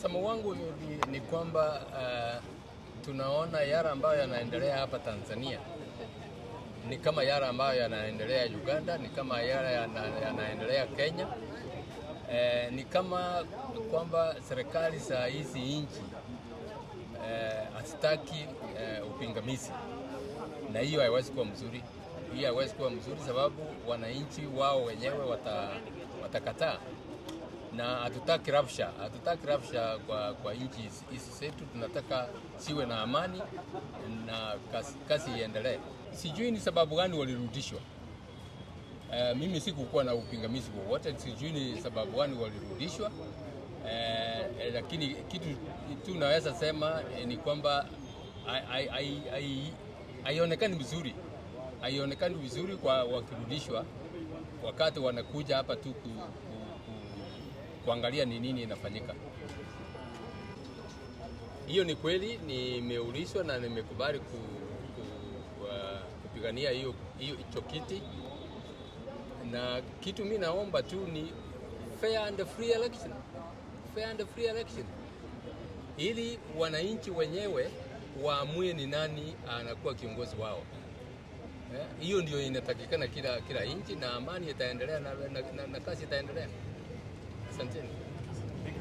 Mtazamo wangu ni, ni kwamba uh, tunaona yara ambayo yanaendelea hapa Tanzania ni kama yara ambayo yanaendelea Uganda, ni kama yara yanaendelea Kenya. Eh, ni kama kwamba serikali za hizi nchi eh, hazitaki eh, upingamizi, na hiyo haiwezi kuwa mzuri. Hiyo haiwezi kuwa mzuri sababu wananchi wao wenyewe watakataa wata na hatutaki rafsha, hatutaki rafsha kwa, kwa nchi hizi zetu. Tunataka siwe na amani na kasi iendelee. Sijui ni sababu gani walirudishwa. Uh, mimi sikukuwa na upingamizi wowote, sijui ni sababu gani walirudishwa. Uh, lakini kitu tu naweza sema eh, ni kwamba haionekani vizuri, haionekani vizuri kwa wakirudishwa, wakati wanakuja hapa tu ku, ku, kuangalia ni nini inafanyika. Hiyo ni kweli, nimeulizwa na nimekubali ku, ku, uh, kupigania hiyo hicho kiti, na kitu mimi naomba tu ni fair and free election, fair and free election, ili wananchi wenyewe waamue ni nani anakuwa kiongozi wao. Eh, hiyo yeah, ndio inatakikana kila, kila nchi, na amani itaendelea na, na, na, na kazi itaendelea. 看这